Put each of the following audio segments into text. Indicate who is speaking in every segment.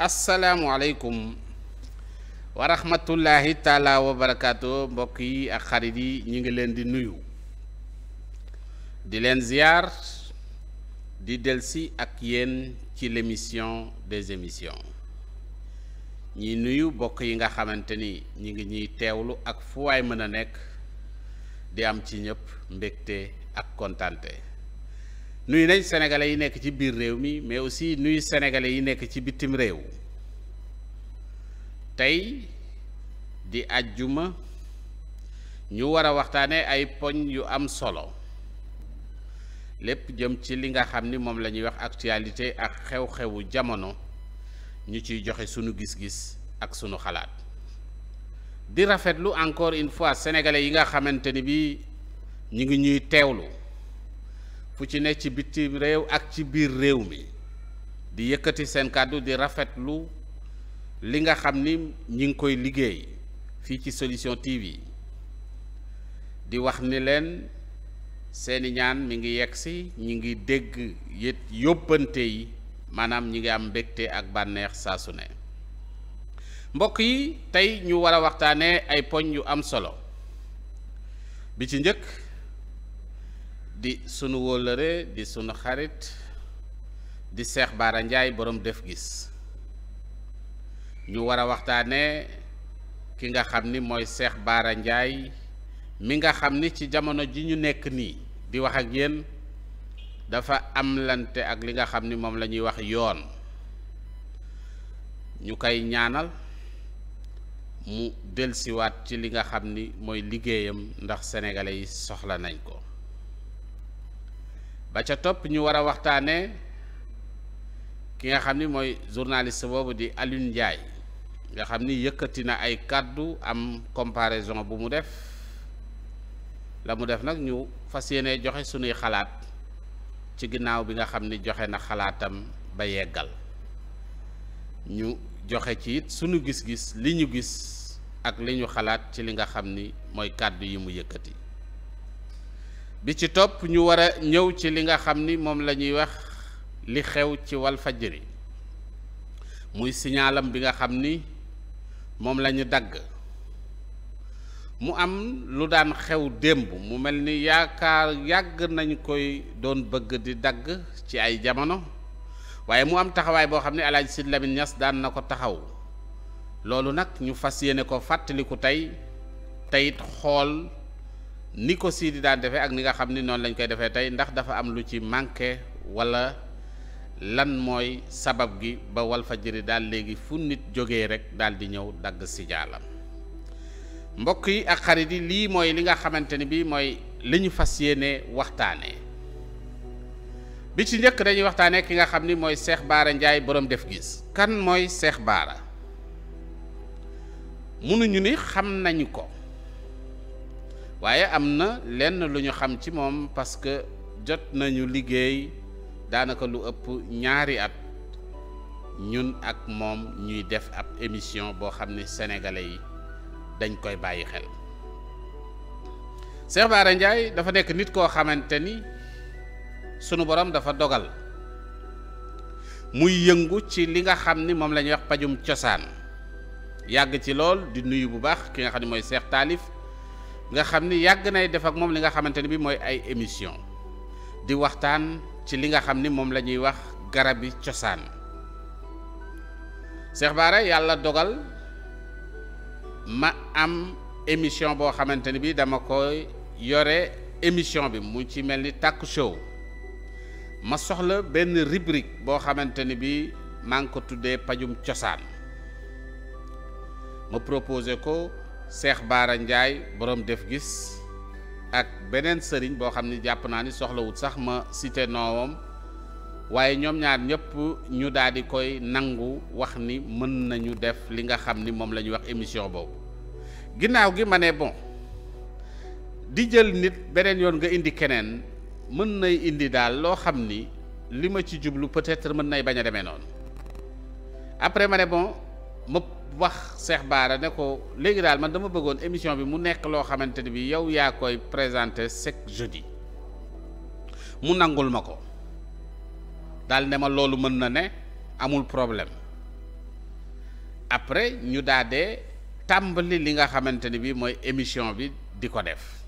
Speaker 1: asalaamualeykum wa rahmatullahi taala wa barakaatu mbokk yi ak xarit yi ñu ngi leen di nuyu di leen ziar di delsi ak yenn ci l'émission des émissions ñi nuyu bokk yi nga xamante ni ñi ngi ñuy teewlu ak fu waay mën a nekk di am ci ñëpp mbégte ak kontante nuyu nañ sénégalais yi nekk ci biir réew mi mais aussi nuyu sénégalais yi nekk ci bitim réew tey di ajjuma ñu war a waxtaane ay poñ yu am solo lépp jëm ci li nga xam ni moom lañuy wax actualité ak xew-xewu jamono ñu ciy joxe sunu gis-gis ak sunu xalaat di rafetlu encore une fois sénégalais yi nga xamante ni bi ñu ngi ñuy teewlu fu ci ne ci bitim réew ak ci biir réew mi di yëkkati seen kàddu di rafetlu li nga xam ni ñi ngi koy liggéey fii ci solution TV di wax ni leen seeni ñaan mi ngi yegg si ñi ngi dégg yét yóbbante yi maanaam ñi ngi am mbégte ak bànneex saa su mbokk yi tey ñu war a waxtaanee ay poñ yu am solo bi ci njëkk di sunu wóllëre di sunu xarit di Cheikh baara njaay borom def gis ñu war a waxtaanee ki nga xam ni mooy Cheikh baara Ndiaye mi nga xam ni ci jamono ji ñu nekk nii di wax ak yéen dafa amlante ak li nga xam ni moom la ñuy wax yoon ñu koy ñaanal mu delsiwaat ci li nga xam ni mooy liggéeyam ndax sénégalais yi soxla nañ ko ba ca topp ñu war a waxtaanee ki nga xam ni mooy journaliste boobu di Alioune Ndiaye nga xam ni yëkkati na ay kàddu am comparaison bu mu def la mu def nag ñu fas yéene joxe sunuy xalaat ci ginnaaw bi nga xam ni joxe na xalaatam ba yeggal ñu joxe ci it sunu gis-gis li ñu gis ak li ñu xalaat ci li nga xam ni mooy kàddu yi mu yëkkati bi ci topp ñu war a ñëw ci li nga xam ni moom lañuy wax li xew ci wal Walfadjri muy signalam bi nga xam ni moom lañu dagg mu am lu daan xew démb mu mel ni yaakaar yàgg nañu koy doon bëgg di dagg ci ay jamono waaye mu am taxawaay boo xam ne El Hadj Sidy Lamine daan na ko taxaw loolu nag ñu fas yéene ko fàttaliku tey teyit xool ni ko Sidy daan defee ak ni nga xam ni noonu lañ koy defee tey ndax dafa am lu ci manqué wala. lan mooy sabab gi ba Walfajiri daal léegi fu nit jógee rek daal di ñëw dagg si jaalam mbokk yi ak xarit yi lii mooy li nga xamante ni bii mooy li ñu fas yéenee waxtaane bi ci njëkk dañuy waxtaanee ki nga xam ni mooy Cheikh baara njaay boroom def gis. kan mooy Cheikh Bara munuñu ni xam nañu ko waaye am na lenn lu ñu xam ci moom parce que jot nañu liggéey. daanaka lu ëpp ñaari at ñun ak moom ñuy def ab émission boo xam ne sénégalais yi dañ koy bàyyi xel Cheikh Bara dafa nekk nit koo xamante ni sunu borom dafa dogal muy yëngu ci li nga xam ne moom la ñuy wax pajum cosaan yàgg ci lool di nuyu bu baax ki nga xam ne mooy Cheikh Taalif nga xam ne yàgg nay def ak moom li nga xamante ni bi mooy ay émission di waxtaan ci li nga xam ni moom la ñuy wax bi cosaan Cheikh Bara yàlla dogal ma am émission boo xamante ni bi dama koy yore émission bi mu ci mel ni tàkku show ma soxla benn rubrique boo xamante ni bi maa ngi ko tuddee pajum cosaan ma proposé ko Cheikh baara Ndiaye boroom def gis ak beneen sëriñ boo xam ni jàpp naa ni soxlawut sax ma site noomam waaye ñoom ñaar ñëpp ñu daal di koy nangu wax ni mën nañu def li nga xam ni moom la ñuy wax émission boobu ginnaaw gi ma ne bon di jël nit beneen yoon nga indi keneen mën nay indi daal loo xam ni li ma ci jublu peut-être mën nay bañ a demee noonu après ma ne bon wax Cheikh Bara ne ko léegi daal man dama bëggoon émission bi mu nekk loo xamante ne bi yow yaa koy présenté chaque jeudi mu nangul ma ko daal ne ma loolu mën na ne amul problème après ñu daadee tàmbali li nga xamante ni bi mooy émission bi di ko def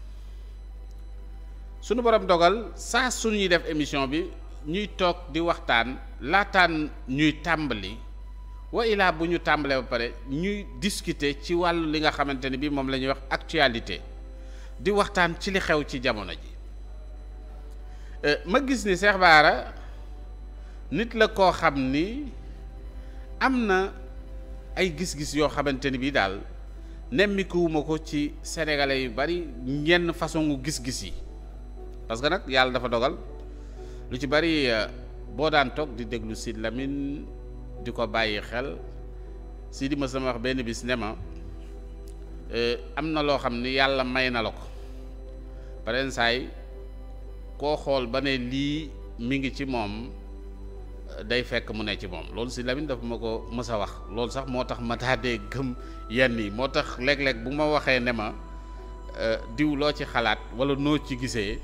Speaker 1: suñu borom dogal saa suñuy def émission bi ñuy toog di waxtaan laataan ñuy tàmbali wa ilaa bu ñu tàmbalee ba pare ñuy discuter ci wàllu li nga xamante ne bii moom la ñuy wax actualité di waxtaan ci li xew ci jamono ji euh, ma gis ni Cheikh nit la koo xam ni am na ay gis-gis yoo xamante ni bii daal nemmikuwuma ko ci sénégalais yu bari ñenn façon gis-gis yi parce que nag yàlla dafa dogal lu ci bari euh, boo daan toog di déglu Sidy Lamine di ko bàyyi xel si di ma sama wax benn bis ne ma eh, am na loo xam ne yàlla may na la ko paren saay koo xool ba ne lii mi ngi ci moom eh, day fekk mu ne ci moom loolu si Lamine dafa ma ko mës a wax loolu sax moo tax ma daadee gëm yenn yi moo tax léeg-léeg bu ma waxee ne ma eh, diw loo ci xalaat wala noo ci gisee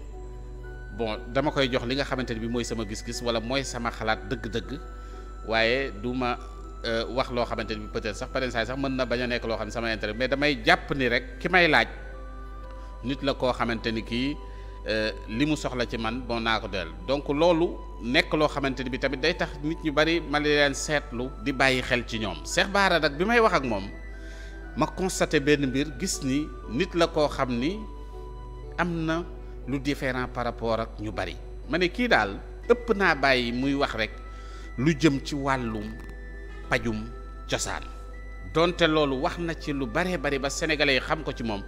Speaker 1: bon dama koy jox li nga xamante ne bi mooy sama gis-gis wala mooy sama xalaat dëgg-dëgg waaye du ma euh, wax loo xamante ni peut-être sax paren saay sax mën na bañ a nekk loo xam ne sama intérêt mais damay jàpp ni rek ki may laaj nit la koo xamante ni kii euh, li mu soxla ci man bon naa ko doyal donc loolu nekk loo xamante ni bi tamit day tax nit ñu bari ma leen seetlu di bàyyi xel ci ñoom Cheikh Bara nag bi may wax ak moom ma constaté benn mbir gis ni nit la koo xam ni am na lu différent par rapport ak ñu bari ma ne kii daal ëpp naa bàyyi muy wax rek lu jëm ci wàllum pajum cosaan donte loolu wax na ci lu baree bari ba sénégalais yi xam ko ci moom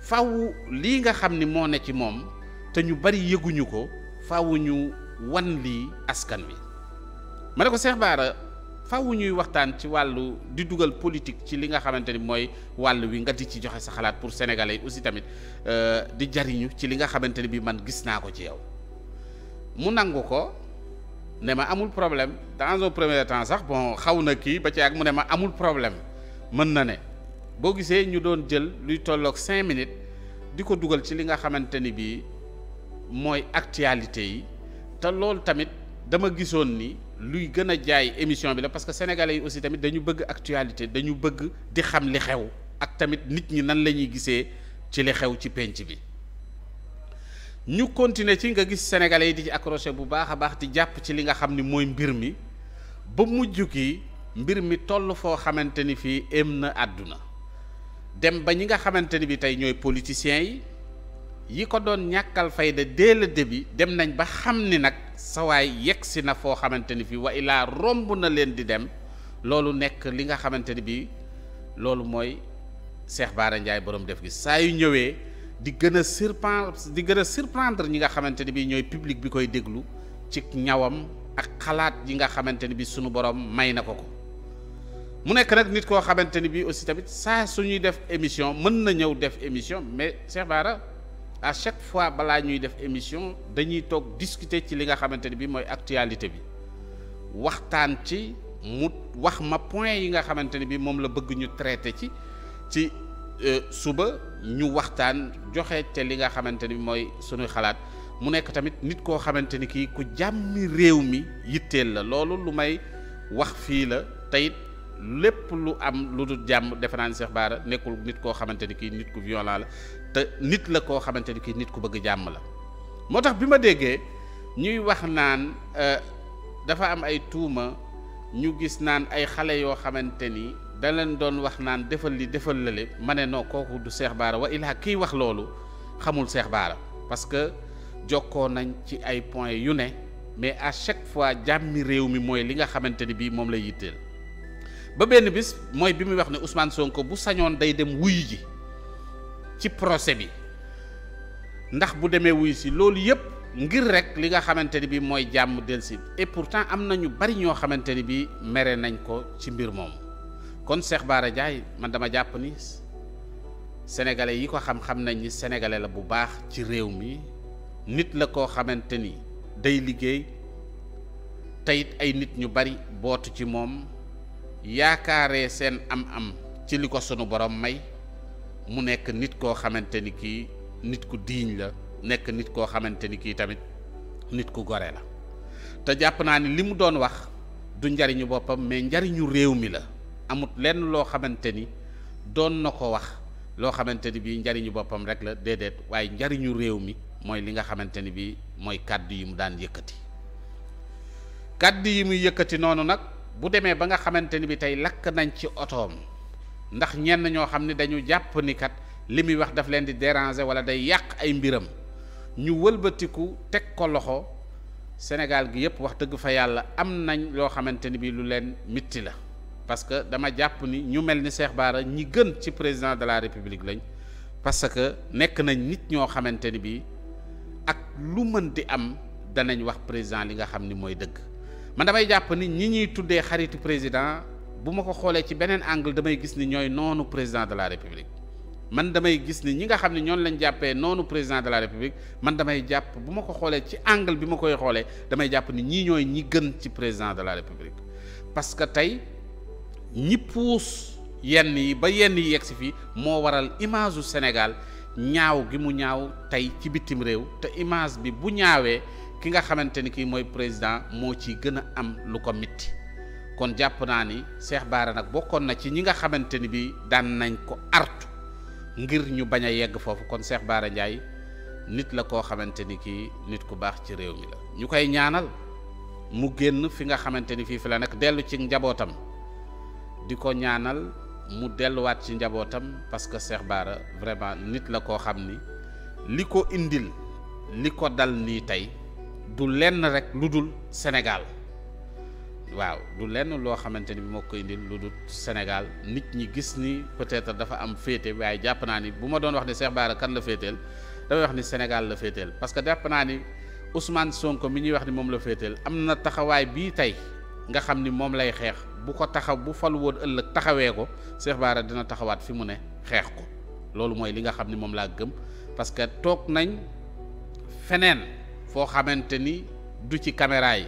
Speaker 1: faw lii nga xam ni moo ne ci moom te ñu bari yëguñu ko faaw ñu wan lii askan wi ma ne ko Cheikh Bara faaw ñuy waxtaan ci wàllu di dugal politique ci li nga xamante ni mooy wàll wi nga di ci joxe sa xalaat pour sénégalais aussi tamit euh, di jariñu ci li nga xamante ni bi man gis naa ko ci yow mu nangu ko ne ma amul problème dans un premier temps sax bon xaw na kii ba ci ak mu ne ma amul problème mën na ne boo gisee ñu doon jël luy tolloog cinq minutes di ko dugal ci li nga xamante ni bii mooy actualité yi te loolu tamit dama gisoon ni luy gën a jaay émission bi la parce que sénégalais yi aussi tamit dañu bëgg actualité dañu bëgg di xam li xew ak tamit nit ñi nan la ñuy gisee ci li xew ci pénc bi ñu continuer ci nga gis sénégalais yi di ci accroché bu baax a baax di jàpp ci li nga xam ni mooy mbir mi ba mujj gi mbir mi toll foo xamante ni fii ém na àdduna dem ba ñi nga xamante ni bi tey ñooy politiciens yi yi ko doon ñàkkal fayda dès le dem nañ ba xam ni nag sawaay yegg si na foo xamante ni fii wa ilaa romb na leen di dem loolu nekk li nga xamante ni bi loolu mooy Cheikh Bara Ndiaye borom def gi saa yu ñëwee di gën a surprendre di gën a surprendre ñi nga xamante ni bi ñooy public bi koy déglu ci ñawam ak xalaat yi nga xamante ni bi suñu borom may na ko ko mu nekk nag nit koo xamante ni bi aussi tamit saa suñuy def émission mën na ñëw def émission mais Cheikh Bara à chaque fois balaa ñuy def émission dañuy toog discuté ci li nga xamante ni bi mooy actualité bi waxtaan ci mu wax ma point yi nga xamante ni bi moom la bëgg ñu traité ci ci Euh, suba ñu waxtaan joxe te li nga xamante ni mooy suñuy xalaat mu nekk tamit nit koo xamante ni kii ku jàmmi réew mi yitteel la loolu lu may wax fii la teyit lépp lu am lu dul jàmm defe naa nekkul nit koo xamante ni kii nit ku violent la te nit la koo xamante ni kii nit ku bëgg jàmm la moo tax bi ma déggee ñuy wax naan euh, dafa am ay tuuma ñu gis naan ay xale yoo xamante ni da doon wax naan defal li defal lale ma ne noo kooku du Cheikh Bara wa ilaa kiy wax loolu xamul Cheikh baara parce que jokkoo nañ ci ay points yu ne mais à chaque fois jàmmi réew mi mooy li nga xamante ni bii moom lay yitteel ba benn bis mooy bi muy wax ne Ousmane Sonko bu sañoon day dem wuy ji ci procès bi ndax bu demee wuyu si loolu yëpp ngir rek li nga xamante ni bii mooy jàmm dellusi et pourtant am na ñu bari ñoo xamante ni bii mere nañ ko ci mbir moomu. kon Cheikh Bara Ndiaye man dama jàpp ni sénégalais yi ko xam-xam nañ ni sénégalais la bu baax ci réew mi nit la koo xamante ni day liggéey teyit ay nit ñu bari bootu ci moom yaakaaree seen am-am ci li ko sunu borom may mu nekk nit koo xamante ni kii nit ku diiñ la nekk nit koo xamante ni kii tamit nit ku gore la te jàpp naa ni li mu doon wax du njariñu boppam mais njariñu réew mi la amut lenn loo xamante ni doon na ko wax loo xamante ni bii njariñu boppam rek la déedéet waaye njariñu réew mi mooy li nga xamante ni bii mooy kàddu yi mu daan yëkkati kàddu yi muy yëkkati noonu nag bu demee ba nga xamante ni bi tey lakk nañ ci otoom ndax ñenn ñoo xam ne dañu jàpp ni kat li muy wax daf leen di déranger wala day yàq ay mbiram ñu wëlbatiku teg ko loxo Sénégal gi yëpp wax dëgg fa yàlla am nañ loo xamante ni bii lu leen mitti la parce que dama jàpp ni ñu mel ni Cheikh baara ñi gën ci président de la république lañ parce que nekk nañ nit ñoo xamante ni bii ak lu mën di am danañ wax président li nga xam ni mooy dëgg man damay jàpp ni ñi ñuy tuddee xaritu président bu ma ko xoolee ci beneen angle damay gis ni ñooy noonu président de la république man damay gis ni ñi nga xam ne ñoon lañ jàppee noonu président de la république man damay jàpp bu ma ko xoolee ci angle bi ma koy xoolee damay jàpp ni ñii ñooy ñi gën ci président de la république parce que tey ñi puus yenn yi ba yenn yi yegg si fii moo waral image u Sénégal ñaaw gi mu ñaaw tey ci bitim réew te image bi bu ñaawee ki nga xamante ni kii mooy président moo ci gën a am lu ko mitti kon jàpp naa ni Cheikh Bara nag bokkoon na ci ñi nga xamante ni bii daan nañ ko artu ngir ñu bañ a yegg foofu kon Cheikh Bara njaay nit la koo xamante ni kii nit ku baax ci réew mi la ñu koy ñaanal mu génn fi nga xamante ni fii fi la nekk dellu ci njabootam di ko ñaanal mu delluwaat ci njabootam parce que Cheikh Bara vraiment nit la koo xam ni li ko indil li ko dal nii tey du lenn rek lu dul Sénégal waaw du lenn loo xamante ni bi moo ko indil lu dul Sénégal nit ñi gis ni peut-être dafa am féete waaye jàpp naa ni bu ma doon wax ne Cheikh Bara kan la féeteel damay wax ni Sénégal la féeteel parce que jàpp naa ni Ousmane Sonko mi ñuy wax ni moom la féeteel am na taxawaay bii tey. nga xam ni moom lay xeex bu ko taxaw bu fal woon ëllëg taxawee ko Cheikh Bara dina taxawaat fi mu ne xeex ko loolu mooy li nga xam ni moom laa gëm parce que toog nañ feneen foo xamante ni du ci caméra yi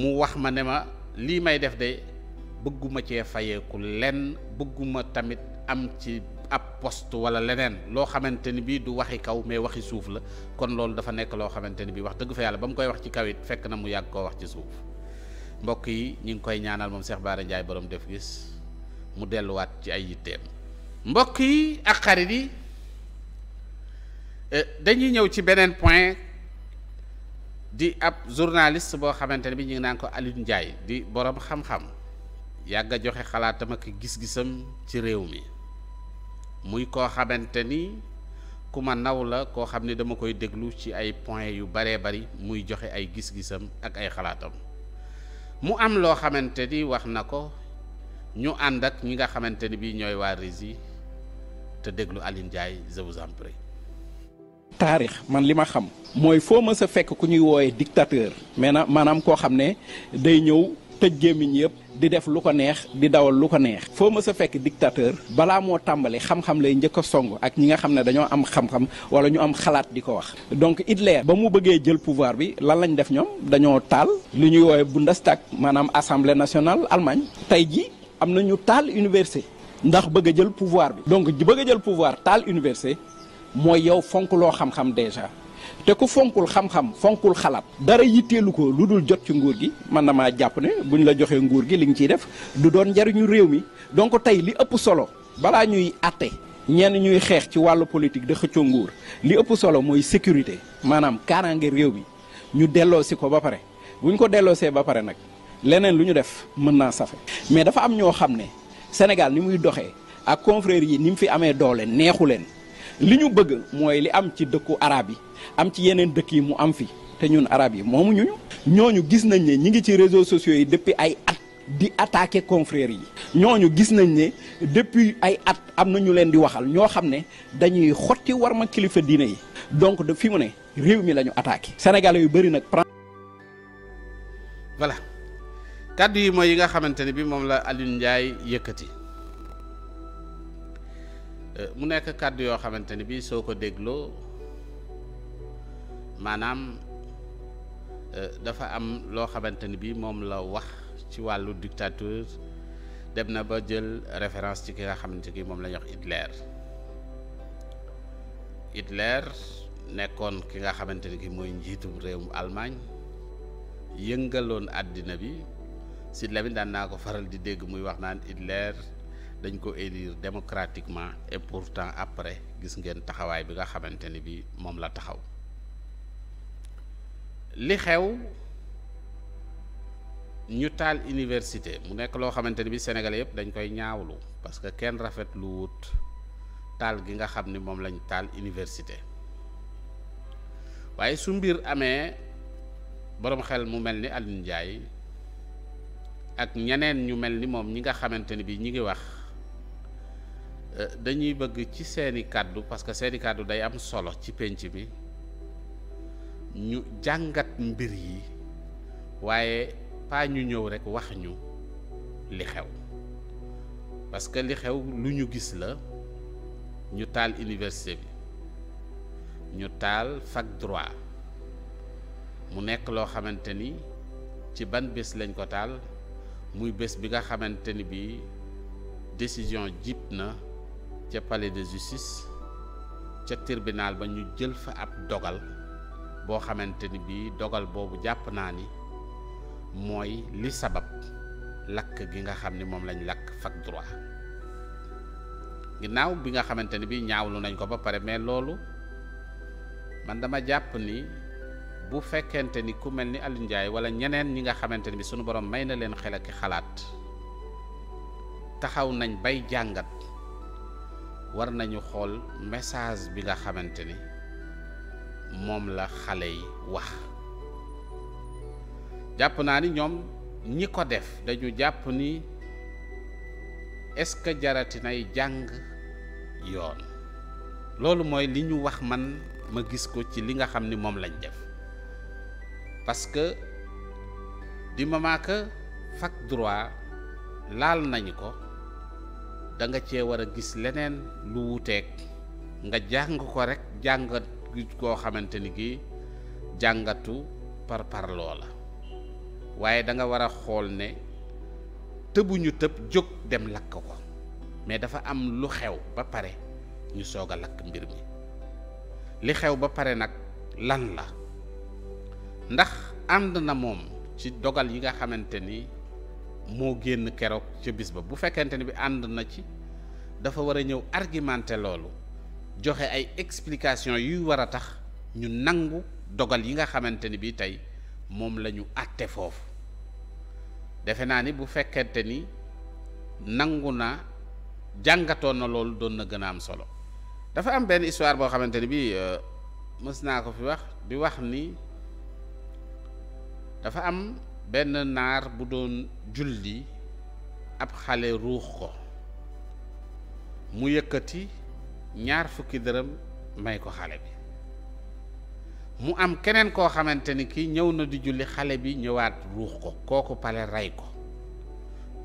Speaker 1: mu wax ma ne ma lii may def de bëgguma cee fayeeku lenn bëgguma tamit am ci ab poste wala leneen loo xamante ni bii du waxi kaw mais waxi suuf la kon loolu dafa nekk loo xamante ni bii wax dëgg fa yàlla ba mu koy wax ci kawit fekk na mu yàgg koo wax ci suuf mbokk yi ñu ngi koy ñaanal moom Cheikh Bara Ndiaye borom def gis mu delluwaat ci ay yitteem mbokk yi ak xarit yi eh, dañuy ñëw ci beneen point di ab journaliste boo xamante ne bi ñu ngi naan ko alit Ndiaye di boroom xam-xam yàgg a joxe xalaatam ak gis-gisam ci réew mi muy koo xamante ni ku ma naw la koo xam ni dama koy déglu ci ay point yu baree bari muy joxe ay gis-gisam ak ay xalaatam. mu am loo xamante ni wax na ko ñu ànd ak ñi nga xamante ni bii ñooy waa Rési te déglu Aline Ndiaye je vous
Speaker 2: taarix man li ma xam. mooy foo ma fekk ku ñuy wooyee dictateur. mais na maanaam koo xam ne day ñëw. tëj gémmiñ yëpp di def lu ko neex di dawal lu ko neex foo mës a fekk dictateur balaa moo tàmbali xam-xam lay njëkk a song ak ñi nga xam ne dañoo am xam-xam wala ñu am xalaat di ko wax donc Hitler ba mu bëggee jël pouvoir bi lan lañ def ñoom dañoo taal li ñuy woowee Bundestag maanaam assemblée national Allemagne tey ji am na ñu taal université ndax bëgg jël pouvoir bi donc bëgg a jël pouvoir taal université mooy yow fonk loo xam-xam déjà te ku fonkul xam-xam fonkul xalaat dara yitteelu ko lu dul jot ci nguur gi man na maa jàpp ne bu ñu la joxee nguur gi li nga ciy def du doon njariñu réew mi donc tey li ëpp solo balaa ñuy atte ñenn ñuy xeex ci wàllu politique de xëccoo nguur li ëpp solo mooy sécurité maanaam kaaraange réew mi ñu delloosi ko ba pare buñ ko delloosee ba pare nag leneen lu ñu def mën naa safe mais dafa am ñoo xam ne Sénégal ni muy doxee ak confrères yi ni mu fi amee doole neexu leen li ñu bëgg mooy li am ci dëkku arab yi am ci yeneen dëkk yi mu am fi te ñun arab yi moomu ñu ñooñu gis nañ ne ñi ngi ci réseau sociaux yi depuis ay at di attaquer confrères yi ñooñu gis nañ ne depuis ay at am na ñu leen di waxal ñoo xam ne dañuy xotti war ma kilifa diine yi donc de fi mu ne réew mi lañu ñu attaqué sénégalais yu bëri nag
Speaker 1: voilà kàddu yi mooy yi nga xamante ne bi moom la Alioune Ndiaye yëkkati euh, mu nekk kàddu yoo xamante ne bi soo ko dégloo maanaam euh, dafa am loo xamante ni bii moom la wax ci wàllu dictateur dem na ba jël référence ci ki nga xamante ni moom la ñuy wax Hitler Hitler nekkoon ki nga xamante ni ki mooy njiitum réewum Allemagne yëngaloon àddina bi si Lamine daan naa ko faral di dégg muy wax naan Hitler dañ ko élire démocratiquement et pourtant après gis ngeen taxawaay bi nga xamante ni bi moom la taxaw li xew ñu taal université mu nekk loo xamante ni bi sénégalais yëpp dañ koy ñaawlu parce que kenn rafet lu wut taal gi nga xam ni moom lañ taal université waaye su mbir amee boroom xel mu mel ni Alioune Ndiaye ak ñeneen ñu mel ni moom ñi nga xamante ni bi ñi ngi wax euh, dañuy bëgg ci seeni kàddu parce que seeni kàddu day am solo ci pénc bi ñu jàngat mbir yi waaye pas ñu ñëw rek wax ñu li xew parce que li xew lu ñu gis la ñu taal université bi ñu taal fac droit mu nekk loo xamante ni ci ban bés lañ ko taal muy bés bi nga xamante ni bi décision jib na ca palais de justice ca tribunal ba ñu jël fa ab dogal boo xamante ni bii dogal boobu jàpp naa ni mooy li sabab lakk gi nga xam ni moom lañ lakk fac droit ginnaaw bi nga xamante ni bii ñaawlu nañ ko ba pare mais loolu man dama jàpp ni bu fekkente ni ku mel ni Alioune Ndiaye wala ñeneen ñi nga xamante ni bi sunu borom may na leen xel ak xalaat taxaw nañ bay jàngat war nañu xool message bi nga xamante ni. moom la xale yi wax jàpp naa ni ñoom ñi ko def dañu jàpp ni est-ce que jarati nay jàng yoon loolu mooy li ñu wax man ma gis ko ci li nga xam ni moom lañ def parce que du moment que fac droit laal nañu ko da nga cee war a gis leneen lu wuuteeg nga jàng ko rekk jàng koo xamante ni kii jàngatu par par loola waaye da nga war a xool ne tëbuñu tëb jóg dem lakk ko mais dafa am lu xew ba pare ñu soog a lakk mbir mi li xew ba pare nag lan la ndax ànd na moom ci dogal yi nga xamante ni moo génn keroog ca bis ba bu fekkente ni bi ànd na ci dafa war a ñëw argumenter loolu joxe ay explication yuy war a tax ñu nangu dogal yi nga xamante ni bii tey moom la ñu àtte foofu defe naa ni bu fekkente ni nangu na jàngatoon na loolu doon na gën a am solo dafa am benn histoire boo xamante ni bii euh, mës naa ko fi wax bi wax ni dafa am benn naar bu doon julli ab xale ruux ko mu yëkkati. ñaar fukki dërëm may ko xale bi mu am keneen koo xamante ni kii ñëw na di julli xale bi ñëwaat ruux ko kooku pale rey ko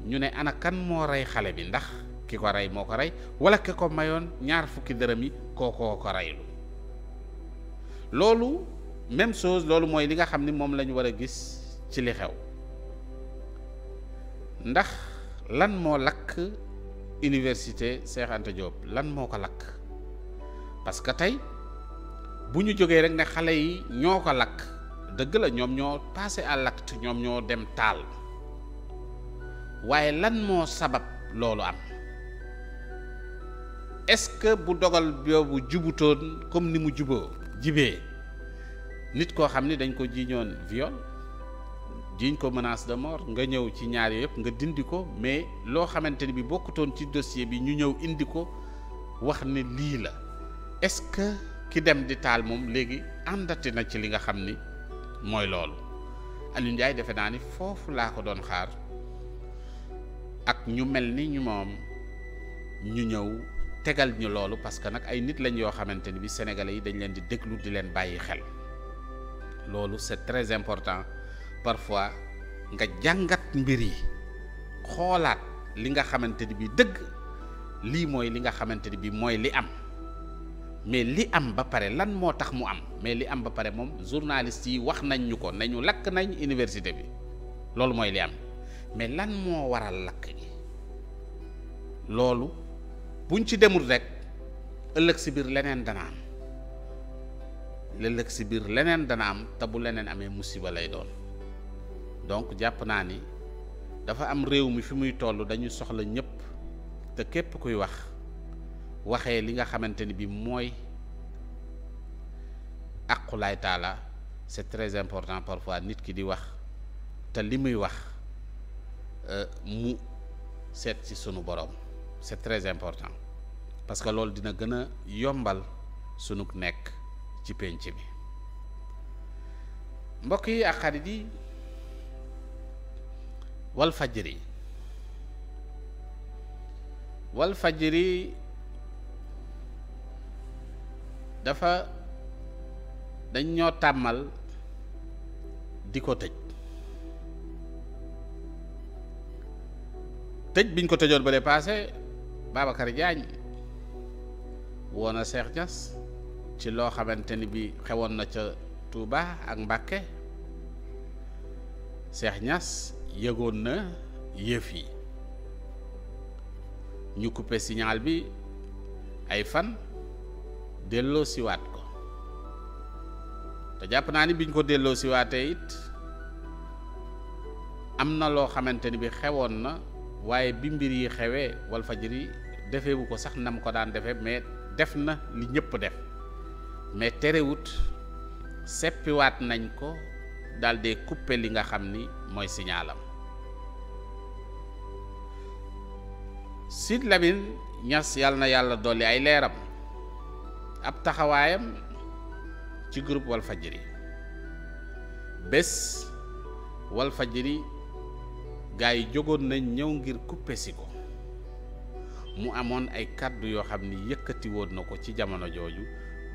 Speaker 1: ñu ne ana kan moo rey xale bi ndax ki ko rey moo ko rey wala ki ko mayoon ñaar fukki dërëm yi kookoo ko reylu loolu même chose loolu mooy li nga xam ni moom lañu war a gis ci li xew ndax lan moo lakk université Cheikh Anta lan moo ko lakk parce que tey bu ñu jógee rek ne xale yi ñoo ko lakk dëgg la ñoom ñoo passé à l'acte ñoom ñoo dem taal waaye lan moo sabab loolu am est-ce que bu dogal boobu jubutoon comme ni mu juboo jibee nit koo xam ni dañ ko jiiñoon viol jiñ ko menace de mort nga ñëw ci ñaar yëpp nga dindi ko mais loo xamante ni bi bokkutoon ci dossier bi ñu ñëw indi ko wax ne lii la est-ce que ki dem di taal moom léegi àndati na ci li nga xam ni mooy loolu Aliou Ndiaye defe naa ni foofu laa ko doon xaar ak ñu mel ni ñu moom ñu ñëw tegal ñu loolu parce que nag ay nit lañ yoo xamante ni bi sénégalais yi dañ leen di déglu di leen bàyyi xel loolu c'est très important parfois nga jàngat mbir yi xoolaat li nga xamante ni bi dëgg lii mooy li nga xamante ni bi mooy li am mais li am ba pare lan moo tax mu am mais li am ba pare moom journaliste yi wax nañ ñu ko nañu lakk nañ université bi loolu mooy li am mais lan moo waral lakk gi loolu buñ ci demul rekk ëllëg si biir leneen dana am lëllëg si biir leneen dana am te bu leneen amee musiba lay doon donc jàpp naa ni dafa am réew mi fi muy toll dañu soxla ñëpp te képp kuy wax waxe li nga xamante ni bi mooy aqulaay taala c'est très important parfois nit ki di wax te li muy wax euh, mu seet ci sunu boroom c'est très important parce que loolu dina gën a yombal sunug nekk ci pénc bi mbokk yi ak xarit yi Walfajri Walfajri dafa dañ ñoo tàmmal di ko tëj tëj biñ ko tëjoon ba le passé Babacar Diagne woon na Cheikh Niass ci loo xamante ni bi xewoon na ca Touba ak Mbàkke Cheikh ñas yëgoon na yëf yi ñu coupé signal bi ay fan delloosiwaat ko te jàpp naa ni biñ ko delloo siwaatee it am na loo xamante ni bi xewoon na waaye bi mbir yi xewee Walfadjri defewu ko sax nam ko daan defee mais def na li ñëpp def mais terewut seppiwaat nañ ko daal kuppe li nga xam ni mooy signalam Sidy Lamine Niass yàlla na yàlla dolli ay leeram ab taxawaayam ci groupe Walfadjri bés walfajiri gars jógoon nañ ñëw ngir couper ko mu amoon ay kàddu yoo xam ni yëkkati woon na ko ci jamono jooju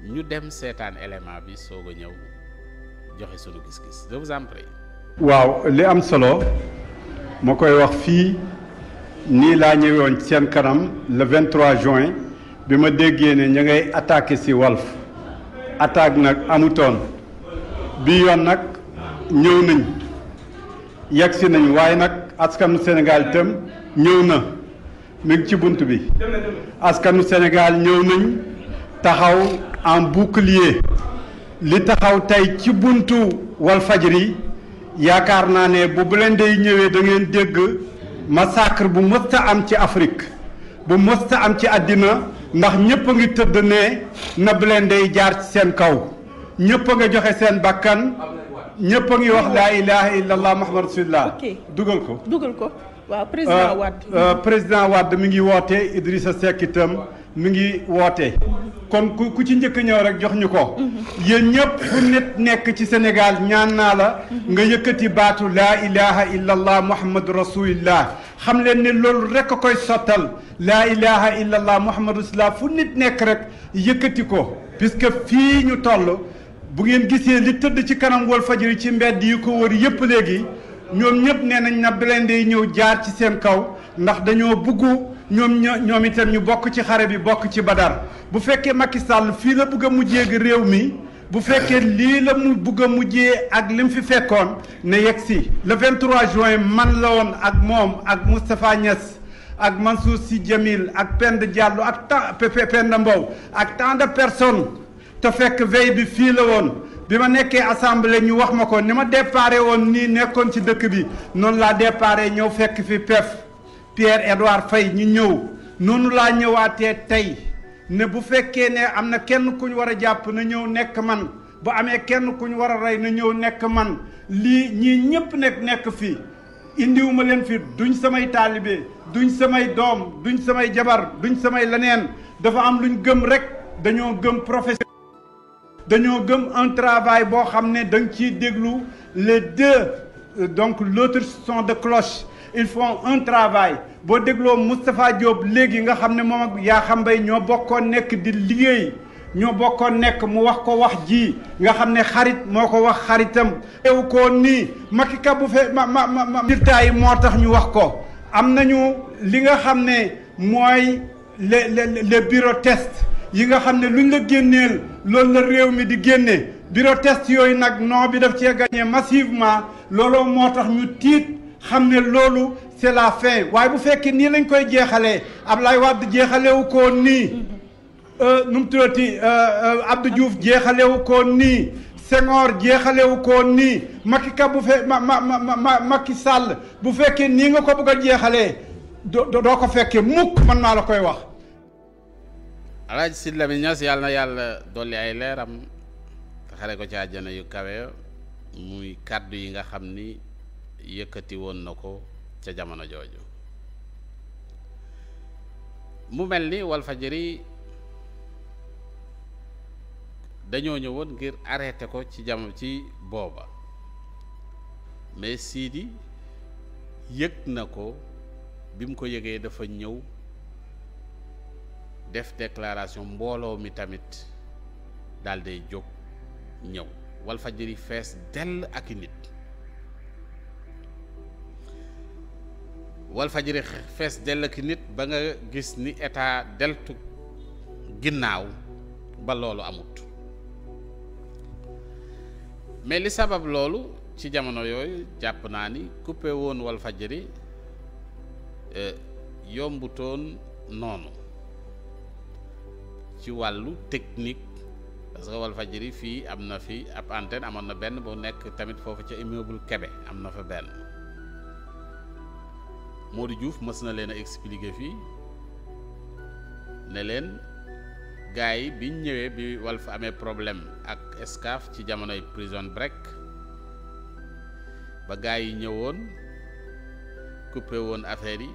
Speaker 1: ñu dem seetaan élément bi soog a ñëw joxe sunu gis-gis je vous en prie.
Speaker 3: waaw li am solo moo koy wax fii nii laa ñëwoon seen kanam le 23 juin. bi ma déggee ne ña ngay attaqué si Walf attaque nag amutoon bi yoon nag ñëw nañ yegg si nañ waaye nag askanu Sénégal itam ñëw na mi ci bunt bi askanu Sénégal ñëw nañ taxaw en bouclier li taxaw tey ci buntu Walfajri yaakaar naa ne bu bu leen day ñëwee dangeen ngeen dégg massacre bu mësta am ci Afrique bu mësta am ci àddina ndax ñëpp a ngi tëdd ne na leen day jaar ci seen kaw ñëpp a nga joxe seen bakkan
Speaker 2: ñëpp a ngi wax laa
Speaker 3: ilaha illallah muhammad rasulullah dugal ko
Speaker 2: dugal ko waaw
Speaker 1: président euh, Wade euh,
Speaker 3: président Wade mi ngi woote Idrissa Seck itam mi ngi woote kon ku ci njëkk ñëw rek jox ñu ko mhm. yéen ñëpp fu nit nekk ci Sénégal ñaan naa la mhm. nga yëkkati baatu laa ilaha illallah muhammad rasulillah xam leen ne loolu rek a koy sottal laa ilaha illallah muhammadu rasulullah fu nit nekk rek yëkkati ko puisque fii ñu toll bu ngeen gisee li tëdd ci kanam wal fajiri ci mbedd yi ko wër yëpp léegi ñoom ñëpp nee nañ na blindé yi ñëw jaar ci seen kaw ndax dañoo buggu ñoom ñoom itam ñu bokk ci xare bi bokk ci badar bu fekkee ki Sall fii la bëgg a mujjee réew mi bu fekkee lii la mu bëgg a mujjee ak li mu fi fekkoon ne yegg si le 23 juin man la woon ak moom ak Moustapha Niass ak Mansour Sy Djamil ak pend Diallo ak tant Penda Mbow ak tant de personne te fekk veille bi fii la woon bi ma nekkee assemblée ñu wax ma ko ni ma déparé woon nii nekkoon ci dëkk bi noonu laa déparé ñëw fekk fi PEF Pierre Edouard Faye ñu ñëw noonu laa ñëwaatee tey ne bu fekkee ne am na kenn ku ñu war a jàpp na ñëw nekk man bu amee kenn ku ñu war a rey na ñëw nekk man lii ñii ñëpp nekk nekk fii. indiwuma leen fi duñ samay taalibe duñ samay doom duñ samay jabar duñ samay leneen dafa am luñ gëm rek dañoo gëm profession dañoo gëm un travail boo xam ne da nga ciy déglu les deux donc l'autre son de cloche il faut un travail boo dégloo Moustapha Diop léegi nga xam ne moom ak Yakham Mbaye ñoo bokkoon nekk di liggéey ñoo bokkoon nekk mu wax ko wax ji nga xam ne xarit moo ko wax xaritam teew ko nii Macky ka bu fe ma ma ma résultat yi moo tax ñu wax ko am nañu li nga xam ne mooy le le le bureau test yi nga xam ne luñ la génneel loolu la réew mi di génne bureau test yooyu nag non bi daf cee gagné massivement looloo moo tax ñu tiit xam ne loolu c'est la fin waaye bu fekkee nii lañ koy jeexalee Ablaye Wade jeexalewu ko nii Euh, nu mu tuddati euh, euh, Abdou Diouf jeexalewu ko nii Senghor jeexalewu ko nii makki Ka bu fe bu fekkee nii nga ko bëgg a jeexalee doo doo ko fekkee mukk man maa la koy wax.
Speaker 1: alaaj si Lamine Niass yàlla na yàlla dolli ay leeram te xare ko ci àjjana yu kawe muy kàddu yi nga xam ni yëkkati woon na ko ca jamono jooju mu mel ni Walfadjri dañoo ñëwoon ngir arrêté ko ci jam ci booba mais siidi yëg na ko bi mu ko yëgee dafa ñëw def déclaration mbooloo mi tamit daal jóg ñëw Walfadjri fees dell ak i nit fees dell ak nit ba nga gis ni état deltu ginnaaw ba loolu amut mais li sabab loolu ci jamono yooyu jàpp naa ni coupé woon Walfadjri euh, yombutoon noonu ci wàllu technique parce que fii am na fi ab antenne amoon na benn bu nekk tamit foofu ci immeuble Kébé am na fa benn Modou Diouf mës na leen a expliquer fii ne leen gars biñ ñëwee bi Walf amee problème ak Excaf ci jamonoy prison break ba gars yi ñëwoon coupé woon affaire yi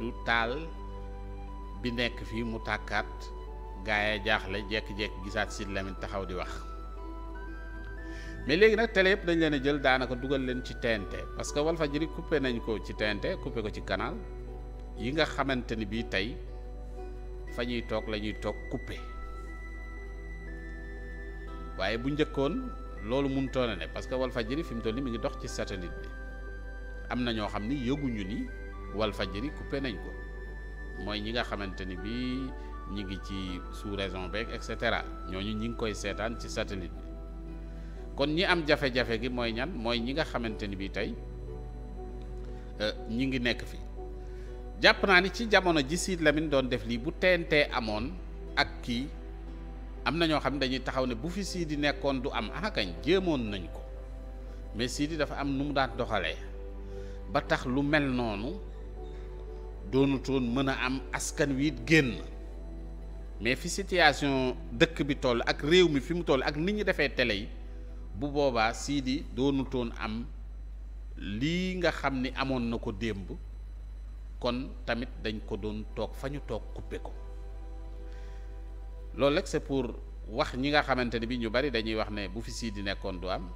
Speaker 1: du taal bi nekk fii mu tàkkaat gars yi jaaxle jékki-jékki gisaat si Lamine taxaw di wax mais léegi nag télé yëpp dañ leen jël daanaka dugal leen ci TNT parce que Walfadjri coupé nañ ko ci TNT coupé ko ci canal yi nga xamante ni bii tey. fa ñuy toog la ñuy toog coupé waaye bu njëkkoon loolu mënutoon a ne parce que Walfadjri fi mu toll nii mi ngi dox ci satellite bi am na ñoo xam ni yëguñu ni Walfadjri coupé nañ ko mooy ñi nga xamante ni bii ñi ngi ci sous-région beeg et cetera ñooñu ñi ngi koy seetaan ci satellite bi kon ñi am jafe-jafe gi mooy ñan mooy ñi nga xamante ni bii tey euh, ñi ngi nekk fi jàpp naa ni ci jamono ji Sidy Lamine doon def lii bu TNT amoon ak kii am na ñoo xam ne dañuy taxaw ne bu fi Sidy nekkoon du am akañ jéemoon nañ ko mais Sidy dafa am nu mu daan doxalee ba tax lu mel noonu doonutoon mën a am askan wi génn mais fi situation dëkk bi toll ak réew mi fi mu toll ak nit ñi defee tele yi bu boobaa Sidy doonutoon am lii nga xam ni amoon na ko démb kon tamit dañ ko doon toog fa ñu toog couper ko loolu rek c'est pour wax ñi nga xamante ne bi ñu bari dañuy wax ne bu fi sii di nekkoon du am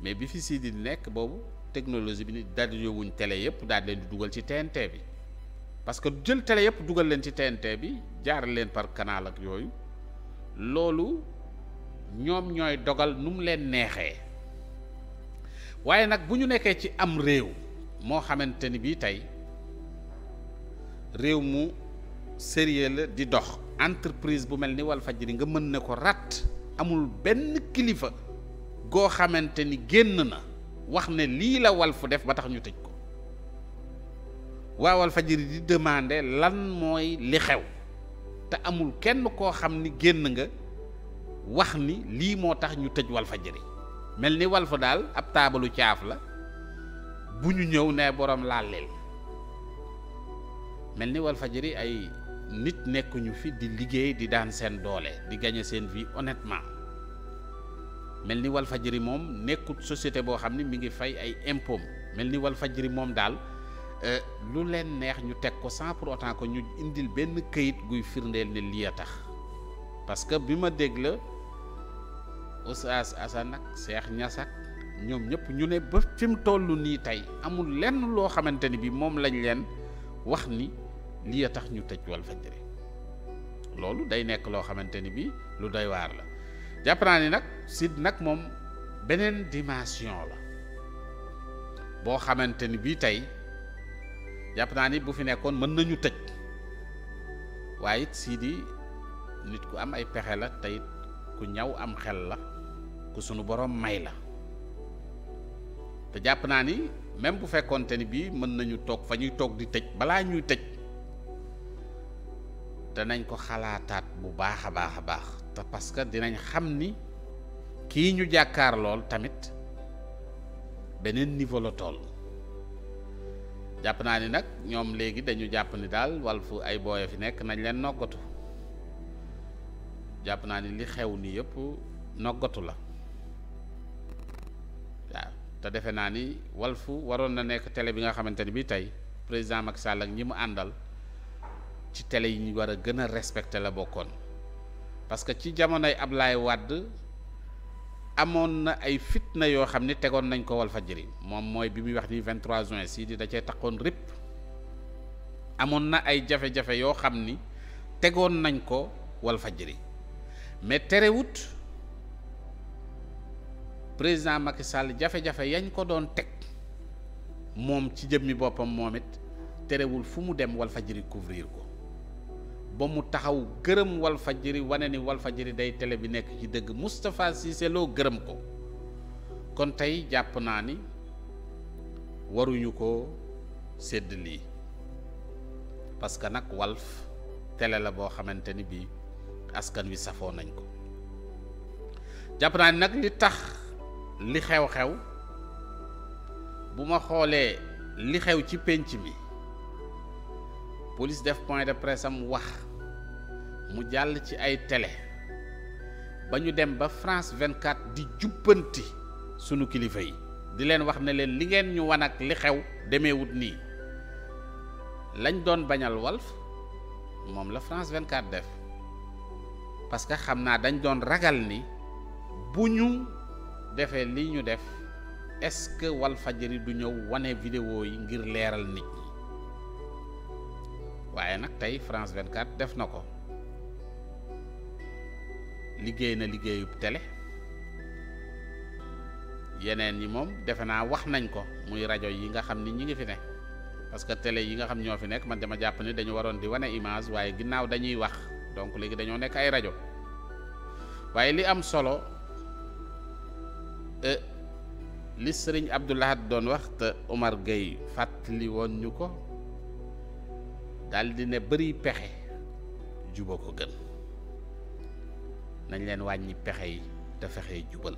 Speaker 1: mais bi fi sii di nekk boobu technologie bi ni daal di yowuñ télé yëpp daal di leen di dugal ci TNT bi parce que jël télé yëpp dugal leen ci TNT bi jaaral leen par canal ak yooyu loolu ñoom ñooy dogal nu mu leen neexee waaye nag bu ñu nekkee ci am réew moo xamante ni bii tey réew mu sérieux la di dox entreprise bu mel ni Walfadjri nga mën ne ko ratt amul benn kilifa goo xamante ni génn na wax ne lii la walfu def ba tax ñu tëj ko waa Walfadjri di demander lan mooy li xew te amul kenn koo xam ni génn nga wax ni lii moo tax ñu tëj Walfadjri mel ni walfu daal ab taabalu caaf la bu ñu ñëw ne boroom laaleel mel ni Walfadjri ay nit nekkuñu fi di liggéey di daan seen doole di gagner seen vie honnêtement mel ni Walfadjri moom nekkut société boo xam ni mi ngi fay ay impôts mel ni Walfadjri moom daal euh, lu leen neex ñu teg ko sans pour autant que ñu indil benn kayit guy firndeel ne lii a tax parce que bi ma dégla la Oustaz Assane ak Cheikh ñoom ñëpp ñu ne ba fi mu nii tey amul lenn loo xamante ni bi moom lañ leen wax ni lii a tax ñu tëj wal Walfadjri loolu day nekk loo xamante ni bii lu doy waar la jàpp naa ni nag siid nag moom beneen dimension la boo xamante ni bii tey jàpp naa ni bu fi nekkoon mën nañu tëj waaye siid yi nit ku am ay pexe la tey ku ñaw am xel la ku sunu boroom may la te jàpp naa ni même bu fekkoonte ni bii mën nañu toog fa ñuy toog di tëj balaa ñuy tëj. danañ ko xalaataat bu baax a baax a baax te parce que dinañ xam ni kii ñu jàkkaar lool tamit beneen niveau la toll jàpp naa ni nag ñoom léegi dañu jàpp ni daal Walf ay booya fi nekk nañ leen noggatu jàpp naa ni li xew ni yëpp noggatu la waaw te defe naa ni Walf waroon na nekk tele bi nga xamante ni bii tey président Macky ak ñi mu àndal ci tele yi ñu war a gën a respecté la bokkoon parce que ci jamonoy ab Ablaye Wade amoon na ay fitna yoo xam ni tegoon nañ ko Walfadjri moom mooy bi muy wax ni 23 juin si di taxoon rip amoon na ay jafe yoo xam ni tegoon nañ ko Walfadjri mais terewut président Macky Sall jafe-jafe yañ ko doon teg moom ci jëmmi boppam moom it terewul fu mu dem Walfadjri couvrir ko ba mu taxaw gërëm Walfadjri wane ni Walfadjri day tele bi nekk ci dëgg Moustapha Cissé Lo gërëm ko kon tey jàpp naa ni waruñu ko sédd lii parce que nag Walf télé la boo xamante ni bii askan wi safoo nañ ko jàpp naa ni nag li tax li xew-xew bu ma xoolee li xew ci pénc mi police def point de presse am wax mu jàll ci ay tele ba ñu dem ba France vingt 24 di juppanti sunu kilifa yi di leen wax ne leen li ngeen ñu wan ak li xew demeewut nii lañ doon bañal Walf moom la France 24 def parce que xam naa dañ doon ragal ni bu ñu defee lii ñu def est-ce que Walfadjri du ñëw wane vidéo yi ngir leeral nit waaye nag tey France 24 def na ko liggéey na liggéeyub tele yeneen yi moom defe naa wax nañ ko muy rajo yi nga xam ni ñi ngi fi ne parce que télé yi nga xam ñoo fi nekk man dama jàpp ni dañu waroon di wane image waaye ginnaaw dañuy wax donc léegi dañoo nekk ay rajo waaye li am solo euh, li sëriñ Abdoulahat doon wax te Omar Gueye fàttali woon ñu ko daal di ne bëri pexe juba ko gën nañ leen wàññi pexe yi te fexe jubal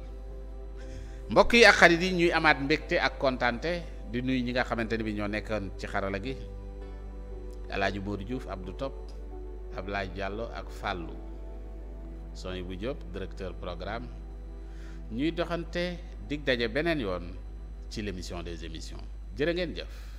Speaker 1: mbokk yi ak xarit yi ñuy amaat mbégte ak kontante di nuyu ñi nga xamante ni bi ñoo nekkoon ci xarala gi El juuf Bour du Abdou ab Ablaye jàlloo ak Fallou Soy bu Diop directeur programme ñuy doxante dig daje beneen yoon ci l'émission des émissions jërë ngeen jëf.